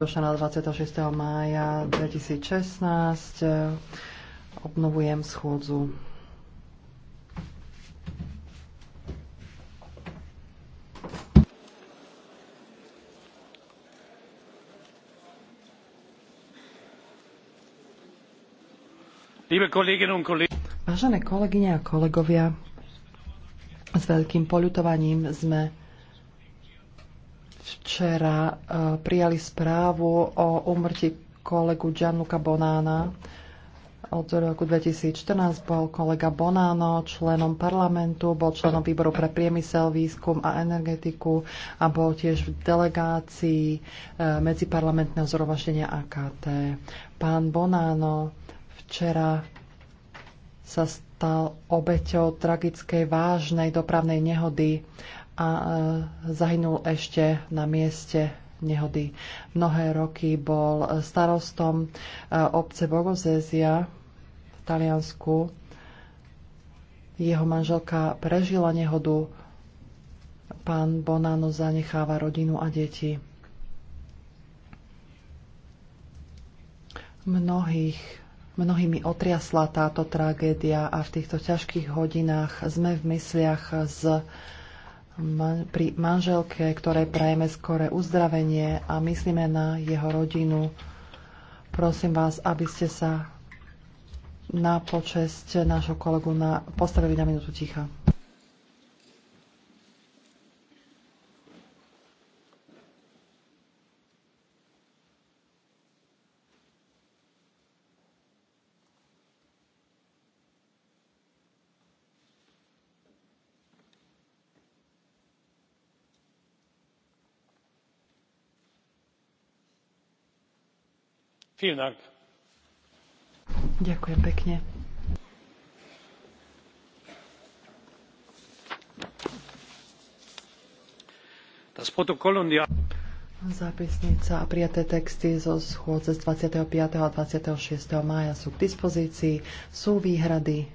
došla na 26. mája 2016. Obnovujem schôdzu. Vážené kolegyne a kolegovia, s veľkým poľutovaním sme včera e, prijali správu o úmrti kolegu Gianluca Bonána. Od roku 2014 bol kolega Bonáno členom parlamentu, bol členom výboru pre priemysel, výskum a energetiku a bol tiež v delegácii e, medziparlamentného zhromaždenia AKT. Pán Bonáno včera sa stal obeťou tragickej vážnej dopravnej nehody a e, zahynul ešte na mieste nehody. Mnohé roky bol starostom e, obce Bogozézia v Taliansku. Jeho manželka prežila nehodu. Pán Bonano zanecháva rodinu a deti. Mnohých Mnohými otriasla táto tragédia a v týchto ťažkých hodinách sme v mysliach z, man, pri manželke, ktoré prajeme skore uzdravenie a myslíme na jeho rodinu. Prosím vás, aby ste sa na počesť nášho kolegu na, postavili na minútu ticha. Ďakujem pekne. Zápisnica a prijaté texty zo schôdze z 25. a 26. mája sú k dispozícii. Sú výhrady?